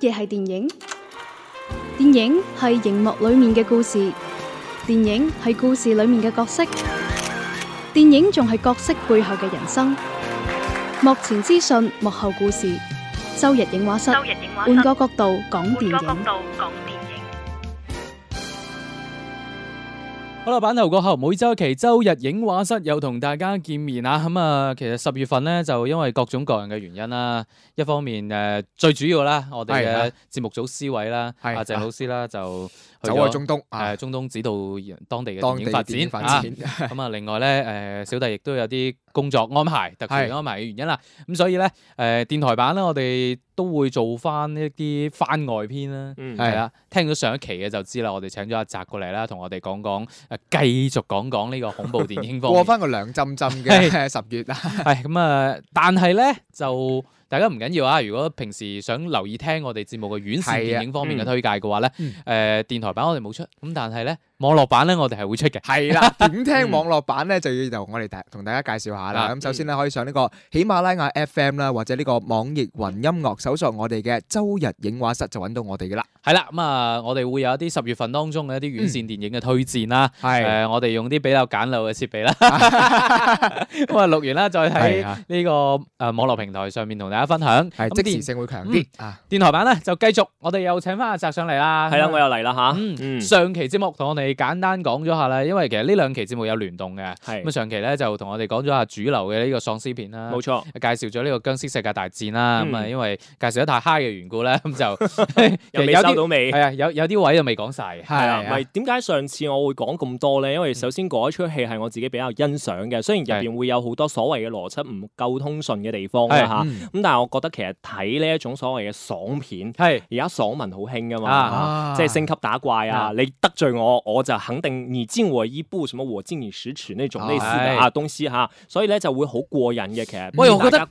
嘢係電影，電影係熒幕裏面嘅故事，電影係故事裏面嘅角色，電影仲係角色背後嘅人生。幕前資訊，幕後故事，周日映畫室，換個角度講電影。好啦，版頭過後每周期周日影畫室又同大家見面啊！咁啊，其實十月份咧就因為各種各樣嘅原因啦，一方面誒、呃、最主要啦，我哋嘅節目組 C 位啦，阿鄭的、啊、老師啦就去走喺中東，誒、啊呃、中東指導當地嘅電影發展咁啊，啊 另外咧誒、呃、小弟亦都有啲工作安排，特殊安排嘅原因啦，咁的所以咧誒、呃、電台版咧我哋，都會做翻一啲番外篇啦、啊，係啦、嗯，啊、聽咗上一期嘅就知啦。我哋請咗阿澤過嚟啦，同我哋講講，誒繼續講講呢個恐怖電影科， 過翻個涼浸浸嘅十月了，係咁啊！但係咧就。大家唔緊要啊！如果平時想留意聽我哋節目嘅院線電影方面嘅推介嘅話咧，誒、嗯呃、電台版我哋冇出，咁但係咧網絡版咧我哋係會出嘅。係啦的， 點聽網絡版咧、嗯、就要由我哋大同大家介紹下啦。咁的首先咧可以上呢個喜馬拉雅 FM 啦，或者呢個網易雲音樂搜索我哋嘅周日映畫室就揾到我哋嘅啦。係啦，咁啊，我哋會有一啲十月份當中嘅一啲院線電影嘅推薦啦。係，誒，我哋用啲比較簡陋嘅設備啦，咁啊錄完啦，再睇呢個誒網絡平台上面同大家分享。係，即時性會強啲。電台版咧就繼續，我哋又請翻阿澤上嚟啦。係啦，我又嚟啦吓。嗯，上期節目同我哋簡單講咗下啦，因為其實呢兩期節目有聯動嘅。咁上期咧就同我哋講咗下主流嘅呢個喪屍片啦。冇錯，介紹咗呢個僵屍世界大戰啦。咁啊因為介紹得太嗨嘅緣故咧，咁就到未？係啊，有有啲位又未講晒，係啊，唔係點解上次我會講咁多咧？因為首先嗰一出戲係我自己比較欣賞嘅，雖然入邊會有好多所謂嘅邏輯唔夠通順嘅地方啦嚇，咁但係我覺得其實睇呢一種所謂嘅爽片，係而家爽文好興噶嘛，即係升級打怪啊！你得罪我，我就肯定。而今和已步，什麼和近而十尺，那種類似嘅啊東西嚇，所以咧就會好過癮嘅。其實，我又覺得。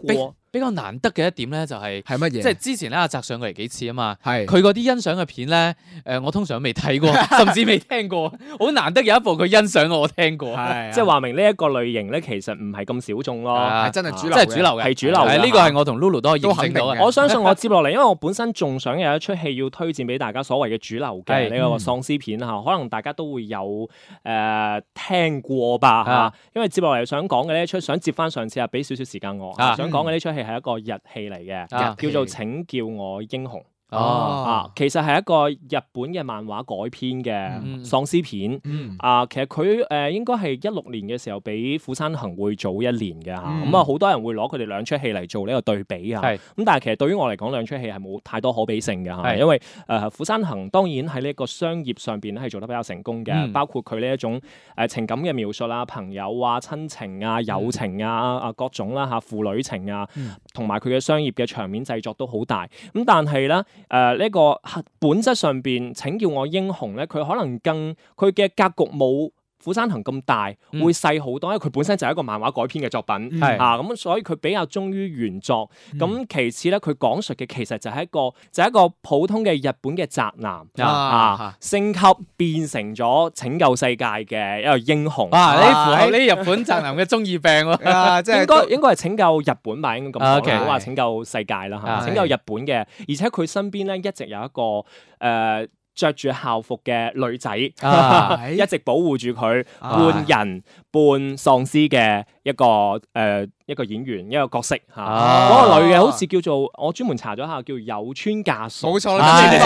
比較難得嘅一點咧，就係係乜嘢？即係之前咧，阿澤上過嚟幾次啊嘛。係佢嗰啲欣賞嘅片咧，誒，我通常都未睇過，甚至未聽過。好難得有一部佢欣賞我，我聽過。係即係話明呢一個類型咧，其實唔係咁小眾咯。係真係主流，真係主流嘅，係主流。係呢個係我同 Lulu 都可以都肯定。我相信我接落嚟，因為我本身仲想有一出戲要推薦俾大家，所謂嘅主流嘅呢個喪屍片啊，可能大家都會有誒聽過吧嚇。因為接落嚟想講嘅呢一出，想接翻上次啊，俾少少時間我，想講嘅呢出戲。係一個日戲嚟嘅，啊、叫做《請叫我英雄》。哦啊，其實係一個日本嘅漫畫改編嘅喪屍片。嗯嗯、啊，其實佢誒、呃、應該係一六年嘅時候，比《釜山行》會早一年嘅嚇。咁啊、嗯，好多人會攞佢哋兩出戲嚟做呢個對比啊。咁是但係其實對於我嚟講，兩出戲係冇太多可比性嘅嚇。是因為誒呃、《釜山行》當然喺呢一個商業上邊咧係做得比較成功嘅，嗯、包括佢呢一種誒情感嘅描述啦、朋友啊、親情啊、友情啊啊各種啦、啊、嚇、父女情啊，同埋佢嘅商業嘅場面製作都好大。咁但係咧。誒呢、呃這個核本質上邊請叫我英雄咧，佢可能更佢嘅格局冇《釜山行》咁大，會細好多，因為佢本身就係一個漫畫改編嘅作品，嗯、啊，咁所以佢比較忠於原作。咁、嗯、其次咧，佢講述嘅其實就係一個就係、是、一個普通嘅日本嘅宅男啊，啊，升級變成咗拯救世界嘅一個英雄。啊，呢呢、啊、日本宅男嘅中二病喎、啊， 應該應該係拯救日本吧？應該咁講，好話 Okay, 拯救世界啦嚇 okay,、啊，拯救日本嘅。而且佢身邊咧一直有一個誒。呃啊着住校服嘅女仔，啊、 一直保護住佢，半人，啊、半喪屍嘅一個。誒、呃。一個演員一個角色嚇，嗰個女嘅好似叫做我專門查咗下，叫有村架純，冇錯啦，村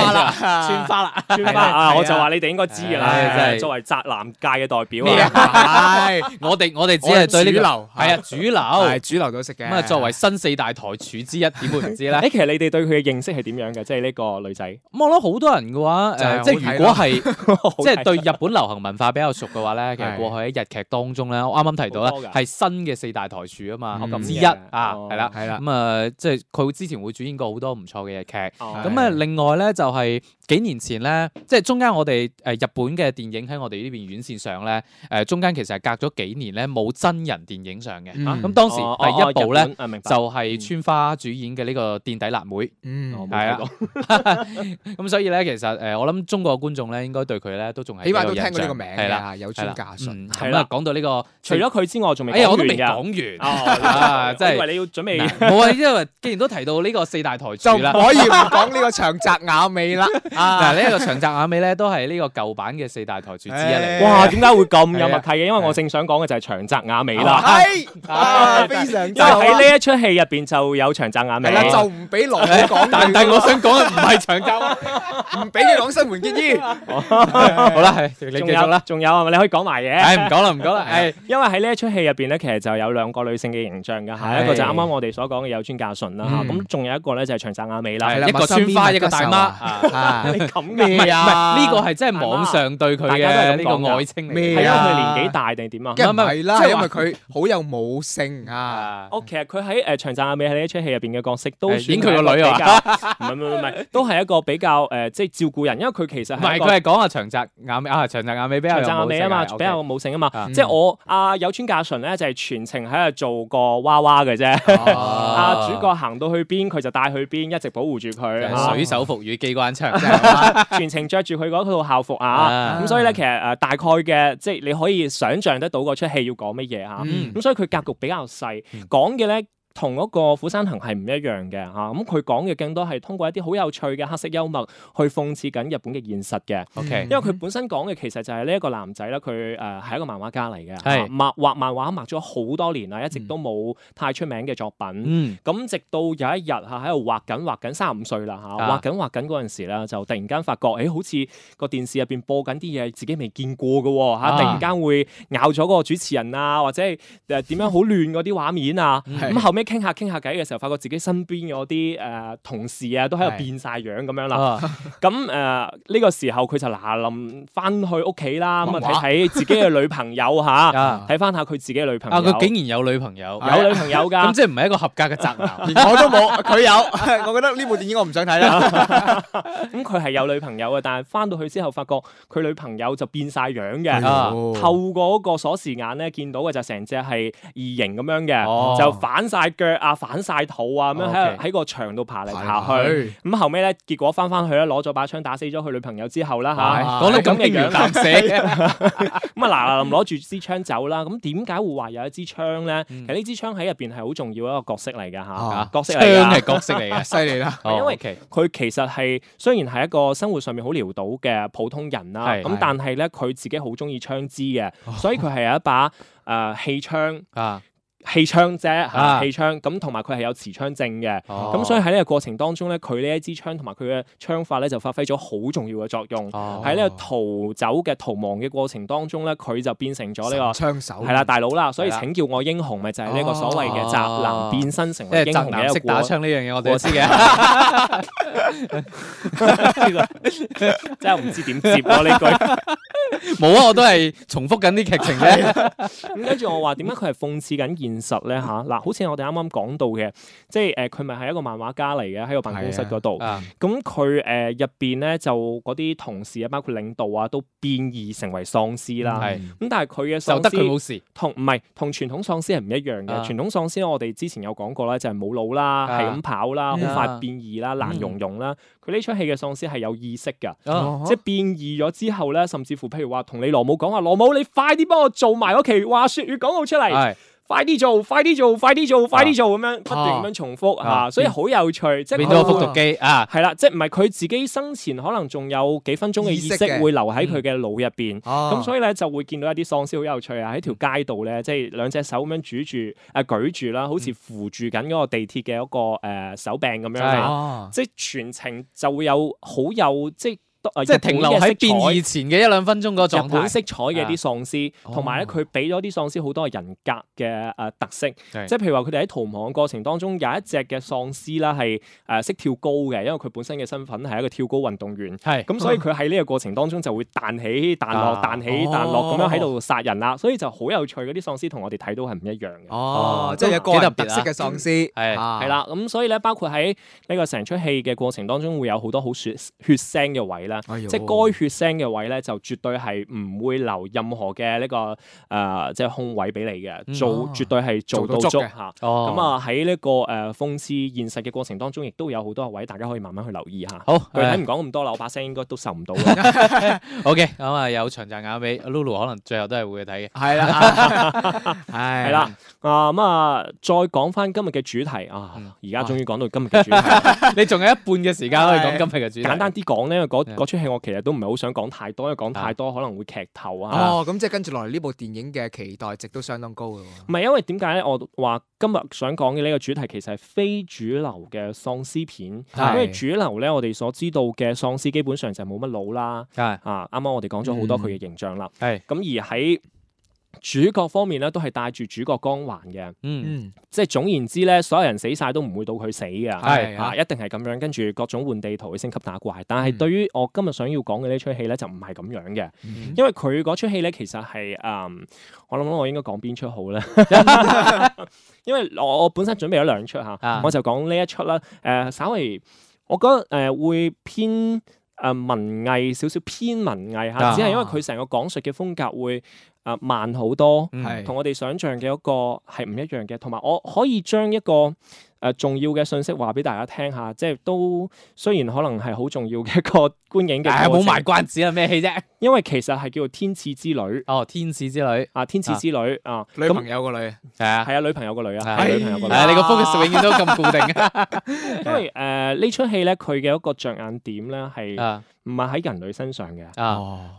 花啦，村花啦，我就話你哋應該知噶啦，即係作為宅男界嘅代表我哋我哋只係對呢流係啊主流係主流角色嘅。咁啊，作為新四大台柱之一，點會唔知咧？誒，其實你哋對佢嘅認識係點樣嘅？即係呢個女仔，我覺得好多人嘅話，即係如果係即係對日本流行文化比較熟嘅話咧，其實過去喺日劇當中咧，我啱啱提到咧係新嘅四大台柱啊嘛。之一啊，係啦，係啦，咁啊，即係佢之前會主演過好多唔錯嘅日劇。咁啊，另外咧就係幾年前咧，即係中間我哋誒日本嘅電影喺我哋呢邊院線上咧，誒中間其實係隔咗幾年咧冇真人電影上嘅。咁當時第一部咧就係村花主演嘅呢個墊底辣妹。嗯，我冇睇過。咁所以咧，其實誒我諗中國嘅觀眾咧，應該對佢咧都仲係起碼都聽過呢個名嘅，有村架純。咁啊，講到呢個，除咗佢之外，仲未講完啊，即係，因為你要準備冇啊，因為既然都提到呢個四大台柱啦，就可以唔講呢個長澤雅美啦。嗱，呢個長澤雅美咧都係呢個舊版嘅四大台柱之一嚟。哇，點解會咁有默契嘅？因為我正想講嘅就係長澤雅美啦。係，非常之好。因為喺呢一出戲入邊就有長澤雅美。就唔俾羅姐講，但係我想講嘅唔係長澤，唔俾你講新垣結衣。好啦，係，你繼續啦。仲有啊嘛，你可以講埋嘢。唉，唔講啦，唔講啦。係，因為喺呢一出戲入邊咧，其實就有兩個女性嘅人。形象嘅嚇，一個就啱啱我哋所講嘅有村架純啦嚇，咁仲有一個咧就係長澤雅美啦，一個村花，一個大媽，係咁嘅，唔係，呢個係真係網上對佢嘅呢個愛稱嚟嘅，係因為佢年紀大定係點啊？梗唔係啦，即係因為佢好有母性啊！哦，其實佢喺誒長澤雅美喺呢一出戲入邊嘅角色都演佢個女嚟㗎。唔係唔係唔係，都係一個比較誒，即係照顧人，因為佢其實唔係，佢係講阿長澤雅美啊，長澤雅美比較長澤雅美啊嘛，比較母性啊嘛，即係我阿有村架純咧就係全程喺度做。個娃娃嘅啫，啊 主角行到去邊佢就帶去邊，一直保護住佢，水手服與機關槍， 全程着住佢嗰套校服啊，咁 所以咧其實誒大概嘅即係你可以想象得到嗰出戲要講乜嘢吓，咁、嗯、所以佢格局比較細，講嘅咧。嗯同嗰個《釜山行》係唔一樣嘅吓，咁佢講嘅更多係通過一啲好有趣嘅黑色幽默去諷刺緊日本嘅現實嘅。Okay，嗯、因為佢本身講嘅其實就係呢一個男仔啦，佢誒係一個漫畫家嚟嘅，畫畫是、啊、漫畫畫咗好多年啦，一直都冇太出名嘅作品。咁、嗯嗯、直到有一日嚇喺度畫緊畫緊三十五歲啦吓，畫緊畫緊陣時咧，就突然間發覺誒、欸、好似個電視入邊播緊啲嘢，自己未見過嘅吓、啊啊、突然間會咬咗個主持人啊，或者係誒點樣好亂啲畫面啊，咁後尾。嗯嗯傾下傾下偈嘅時候，發覺自己身邊嗰啲誒同事啊，都喺度變晒樣咁、啊、樣啦。咁誒呢個時候，佢就嗱臨翻去屋企啦，咁啊睇睇自己嘅女朋友吓，睇翻下佢自己嘅女朋友。佢、啊、竟然有女朋友，有女朋友噶。咁即係唔係一個合格嘅宅男， 我都冇，佢有。我覺得呢部電影我唔想睇啦。咁佢係有女朋友嘅，但係翻到去之後，發覺佢女朋友就變晒樣嘅。的啊、透過嗰個鎖匙眼咧，見到嘅就成隻係異形咁樣嘅，哦、就反晒。腳啊，反晒肚啊，咁樣喺喺個牆度爬嚟爬去。咁後尾咧，結果翻翻去咧，攞咗把槍打死咗佢女朋友之後啦，吓講到咁嘅樣死咁啊，嗱嗱臨攞住支槍走啦。咁點解會話有一支槍咧？其實呢支槍喺入邊係好重要一個角色嚟嘅吓，角色嚟嘅，槍係角色嚟嘅，犀利啦。因為佢其實係雖然係一個生活上面好潦倒嘅普通人啦，咁但係咧佢自己好中意槍支嘅，所以佢係有一把誒氣槍啊。氣槍啫嚇，氣槍咁，同埋佢係有持槍證嘅，咁、哦、所以喺呢個過程當中咧，佢呢一支槍同埋佢嘅槍法咧就發揮咗好重要嘅作用。喺呢、哦、個逃走嘅逃亡嘅過程當中咧，佢就變成咗呢、這個槍手係啦，大佬啦。所以請叫我英雄，咪就係呢個所謂嘅宅男變身成為英雄嘅一個故事。啊嗯啊即係宅男識打槍呢樣嘢，我哋知嘅。真係唔知點接我呢、這、句、個。 冇 啊，我都係重複緊啲劇情咧。咁跟住我話點解佢係諷刺緊現實咧？吓、啊、嗱，好似我哋啱啱講到嘅，即係誒，佢咪係一個漫畫家嚟嘅，喺個辦公室嗰度。咁佢誒入邊咧就嗰啲同事啊，包括領導啊，都變異成為喪屍啦。咁、啊、但係佢嘅佢冇事，同唔係同傳統喪屍係唔一樣嘅。啊、傳統喪屍我哋之前有講過啦，就係、是、冇腦啦，係咁、啊、跑啦，好、啊、快變異啦，嗯、爛融融啦。佢呢齣戲嘅喪屍係有意識噶，啊、即係變異咗之後咧，甚至乎話同你羅母講話，羅母你快啲幫我做埋嗰期話說與廣告出嚟，是快啲做，快啲做，快啲做，快啲做咁、啊、樣，不斷咁樣重複吓、啊啊，所以好有趣，嗯、即係變咗個複讀機啊，係啦，即係唔係佢自己生前可能仲有幾分鐘嘅意識會留喺佢嘅腦入邊，咁、嗯啊、所以咧就會見到一啲喪屍好有趣啊、嗯、啊，喺條街道咧即係兩隻手咁樣拄住誒舉住啦，好似扶住緊嗰個地鐵嘅一個誒手柄咁樣，嗯啊啊、即係全程就會有好有即即係停留喺變異前嘅一兩分鐘，個日本色彩嘅啲喪屍，同埋咧佢俾咗啲喪屍好多人格嘅誒特色，Yeah. 即係譬如話佢哋喺逃亡過程當中有一隻嘅喪屍啦係誒識跳高嘅，因為佢本身嘅身份係一個跳高運動員，咁 Yeah .、oh. 所以佢喺呢個過程當中就會彈起彈落彈起彈落咁樣喺度殺人啦，oh. 所以就好有趣，嗰啲喪屍同我哋睇到係唔一樣嘅，哦、oh. 嗯，即係有一個人別特色嘅喪屍，係，係啦，咁所以咧包括喺呢個成出戲嘅過程當中會有好多好血血腥嘅位啦。即係該血腥嘅位咧，就絕對係唔會留任何嘅呢個誒，即係空位俾你嘅，做絕對係做到足吓。咁啊喺呢個誒，諷刺現實嘅過程當中，亦都有好多位，大家可以慢慢去留意吓。好，唔講咁多啦，我把聲應該都受唔到。OK，咁啊有長暫眼俾阿 Lulu，可能最後都係會睇嘅。係啦，係啦，啊咁啊，再講翻今日嘅主題啊，而家終於講到今日嘅主題，你仲有一半嘅時間可以講今日嘅主題。簡單啲講呢，嗰個。嗰出戲我其實都唔係好想講太多，因為講太多可能會劇透啊。啊哦，咁即係跟住落嚟呢部電影嘅期待值都相當高嘅喎，啊。唔係，因為點解咧？我話今日想講嘅呢個主題其實係非主流嘅喪屍片，的因為主流咧我哋所知道嘅喪屍基本上就冇乜腦啦。的啊，啱啱我哋講咗好多佢嘅形象啦。咁，嗯，而喺主角方面咧，都係帶住主角光環嘅，嗯，即係總言之咧，所有人死晒都唔會到佢死嘅，係啊、嗯，一定係咁樣。跟住各種換地圖、升級打怪，但係對於我今日想要講嘅呢出戲咧，就唔係咁樣嘅，嗯、因為佢嗰出戲咧，其實係誒、呃，我諗諗我應該講邊出好咧， 因為我，我本身準備咗兩出吓，嗯、我就講呢一出啦。誒、呃，稍微我覺得誒、呃、會偏誒、呃、文藝少少，偏文藝吓，只係因為佢成個講述嘅風格會。啊、呃，慢好多，同、嗯、我哋想象嘅一個係唔一樣嘅，同埋我可以將一個。誒重要嘅信息話俾大家聽下，即係都雖然可能係好重要嘅一個觀影嘅。係啊，冇埋關子啊，咩戲啫？因為其實係叫做《天賜之女》。哦，《天賜之女》啊，《天賜之女》啊，女朋友個女。係啊，係啊，女朋友個女啊，係女朋友個女。你個 focus 永遠都咁固定。因為誒呢出戲咧，佢嘅一個着眼點咧係唔係喺人類身上嘅，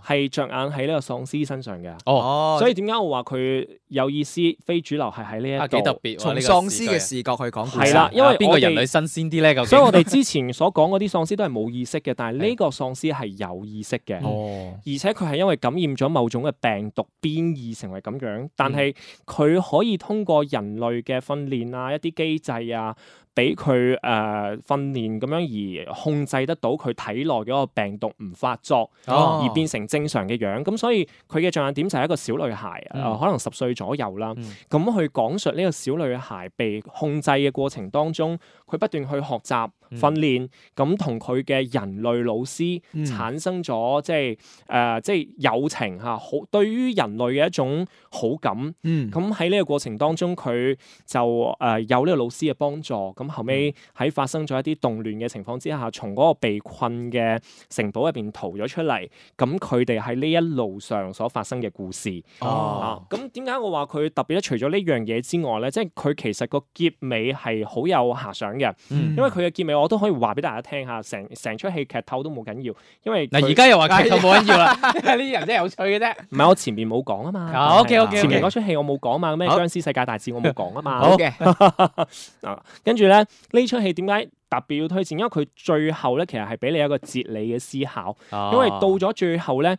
係着眼喺呢個喪屍身上嘅。哦，所以點解我話佢有意思、非主流係喺呢一個？幾特別喎！從喪屍嘅視角去講。啦，因為邊個人類新鮮啲咧？咁，所以我哋之前所講嗰啲喪屍都係冇意識嘅，但係呢個喪屍係有意識嘅，哦，而且佢係因為感染咗某種嘅病毒變異成為咁樣，但係佢可以通過人類嘅訓練啊，一啲機制啊。俾佢誒訓練咁樣而控制得到佢體內嗰個病毒唔發作，哦、而變成正常嘅樣。咁所以佢嘅着眼點就係一個小女孩、嗯呃，可能十歲左右啦。咁去、嗯、講述呢個小女孩被控制嘅過程當中，佢不斷去學習。訓練咁同佢嘅人類老師產生咗、嗯、即係誒、呃、即係友情嚇，好對於人類嘅一種好感。咁喺呢個過程當中，佢就誒、呃、有呢個老師嘅幫助。咁後尾喺發生咗一啲動亂嘅情況之下，從嗰、嗯、個被困嘅城堡入邊逃咗出嚟。咁佢哋喺呢一路上所發生嘅故事。咁點解我話佢特別咧？除咗呢樣嘢之外咧，即係佢其實個結尾係好有遐想嘅，嗯、因為佢嘅結尾我都可以話俾大家聽下，成成出戲劇透都冇緊要，因為嗱而家又話劇透冇緊要啦，呢啲人真係有趣嘅啫。唔係我前面冇講啊嘛，OK OK， 前面嗰出戲我冇講嘛，咩殭屍世界大戰我冇講啊嘛。 好嘅， 跟住咧呢出戲點解特別要推薦？因為佢最後咧其實係俾你一個哲理嘅思考，因為到咗最後咧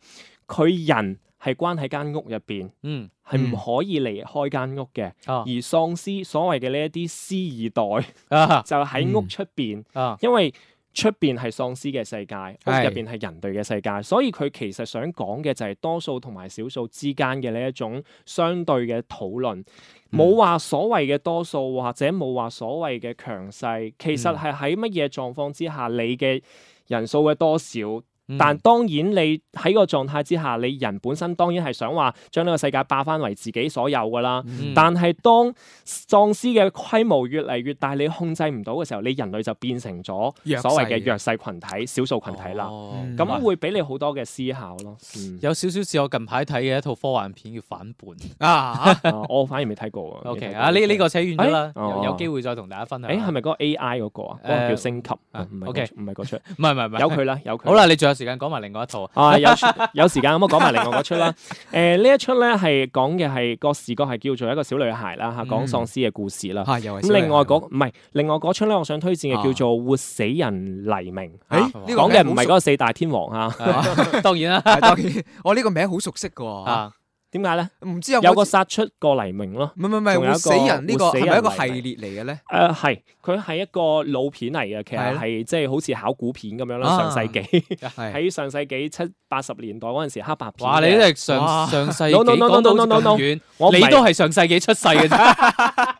佢人。係關喺間屋入邊，嗯、係唔可以離開間屋嘅。啊、而喪屍所謂嘅呢一啲屍二代， 就喺屋出邊，啊嗯啊、因為出邊係喪屍嘅世界，屋入邊係人類嘅世界。是所以佢其實想講嘅就係多數同埋少數之間嘅呢一種相對嘅討論，冇話、嗯、所謂嘅多數或者冇話所謂嘅強勢。其實係喺乜嘢狀況之下，你嘅人數嘅多少？但當然你喺個狀態之下，你人本身當然係想話將呢個世界霸翻為自己所有噶啦。但係當喪屍嘅規模越嚟越大，你控制唔到嘅時候，你人類就變成咗所謂嘅弱勢群體、少數群體啦。咁會俾你好多嘅思考咯。有少少似我近排睇嘅一套科幻片叫《反叛》啊，我反而未睇過啊。OK 啊，呢呢個扯遠咗啦，有機會再同大家分享。誒，係咪嗰個 AI 嗰個啊？嗰個叫升級。OK，唔係嗰出，唔係唔係唔係，有佢啦，有佢。好啦，你仲時間講埋另外一套 啊，有有時間咁我講埋另外嗰出啦。誒、呃，一呢一出咧係講嘅係個視角係叫做一個小女孩啦，吓講喪屍嘅故事啦。咁、啊、另外嗰唔係，另外嗰出咧，我想推薦嘅叫做《活死人黎明》啊。誒、欸，講嘅唔係嗰個四大天王啊，當然啦，當然，我呢個名好熟悉噶、啊。啊點解咧？唔知有有個殺出過黎明咯？唔係，唔係，仲有個活死人呢個係咪一個系列嚟嘅咧？誒，係，佢係一個老片嚟嘅，其實係即係好似考古片咁樣啦，上世紀喺上世紀七八十年代嗰陣時黑白片。哇！你哋上上世紀講到咁遠，你都係上世紀出世嘅。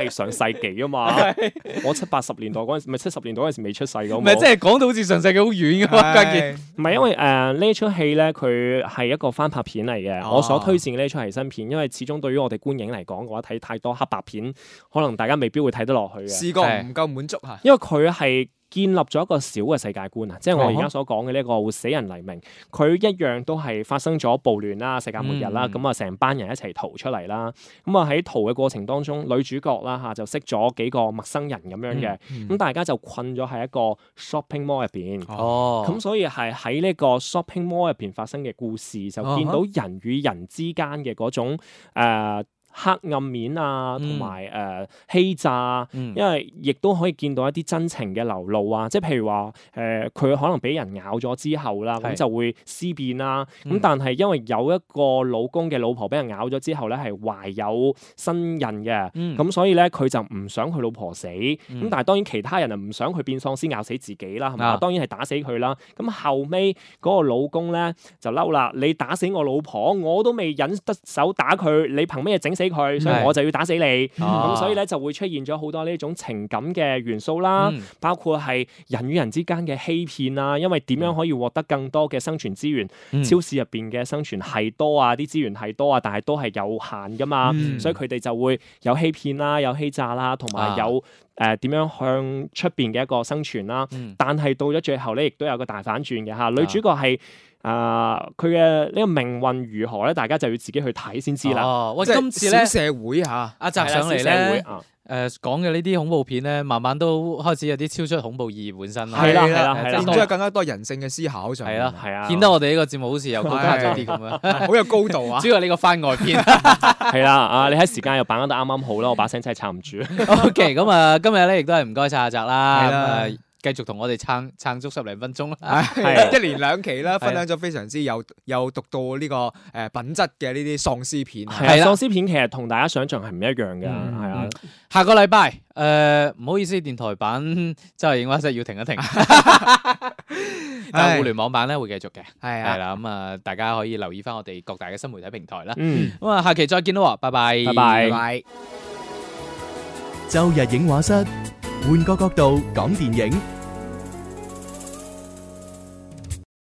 係上世紀啊嘛， 我七八十年代嗰陣時，唔係七十年代嗰陣時未出世咁。唔係不我即係講到好似上世紀好遠噶嘛，唔係 是因為誒、呃、呢出戲咧，佢係一個翻拍片嚟嘅。哦、我所推薦呢出係新片，因為始終對於我哋觀影嚟講嘅話，睇太多黑白片，可能大家未必會睇得落去嘅。試過唔夠滿足啊。是因為佢係。建立咗一個小嘅世界觀啊！即係我而家所講嘅呢一個《活死人黎明》，佢一樣都係發生咗暴亂啦、世界末日啦，咁啊成班人一齊逃出嚟啦。咁啊喺逃嘅過程當中，女主角啦嚇就識咗幾個陌生人咁樣嘅，咁、嗯嗯、大家就困咗喺一個 shopping mall 入邊。哦，咁所以係喺呢個 shopping mall 入邊發生嘅故事，就見到人與人之間嘅嗰種、呃黑暗面啊，同埋誒欺詐，嗯、因為亦都可以見到一啲真情嘅流露啊，即係譬如話誒，佢、呃、可能俾人咬咗之後啦，咁是就會屍變啦。咁、嗯、但係因為有一個老公嘅老婆俾人咬咗之後咧，係懷有身孕嘅，咁、嗯、所以咧佢就唔想佢老婆死。咁、嗯、但係當然其他人啊唔想佢變喪屍咬死自己啦，係嘛？啊、當然係打死佢啦。咁後尾個老公咧就嬲啦，你打死我老婆，我都未忍得手打佢，你憑咩整？佢，所以我就要打死你。咁、嗯、所以咧就會出現咗好多呢種情感嘅元素啦，嗯、包括係人與人之間嘅欺騙啦。因為點樣可以獲得更多嘅生存資源？嗯、超市入邊嘅生存係多啊，啲資源係多啊，但係都係有限㗎嘛。嗯、所以佢哋就會有欺騙啦，有欺詐啦，同埋有，有。啊誒點、呃、樣向出邊嘅一個生存啦？嗯、但係到咗最後咧，亦都有個大反轉嘅嚇。嗯、女主角係啊，佢嘅呢個命運如何咧？大家就要自己去睇先知啦。哦，或者，今次咧社會嚇，阿、啊、澤上嚟咧。誒講嘅呢啲恐怖片咧，慢慢都開始有啲超出恐怖意義本身啦，都的有更加多人性嘅思考上。係啦，係啊，見到我哋呢個節目好似又高大咗啲咁樣，的 好有高度啊！主要係呢個番外篇。係啦，啊，你喺時間又把握得啱啱好咯，我把聲真係撐唔住。 OK，咁啊，今日咧亦都係唔該晒阿澤啦。的 繼續同我哋撐撐足十零分鐘啦，一連兩期啦，分享咗非常之有有讀到呢個誒品質嘅呢啲喪屍片，喪屍片其實同大家想象係唔一樣嘅，係啊。下個禮拜誒唔好意思，電台版周日映畫室要停一停，但係互聯網版咧會繼續嘅，係啦。咁啊，大家可以留意返我哋各大嘅新媒體平台啦。咁啊，下期再見咯，拜拜，拜拜，周日映畫室，換個角度講電影。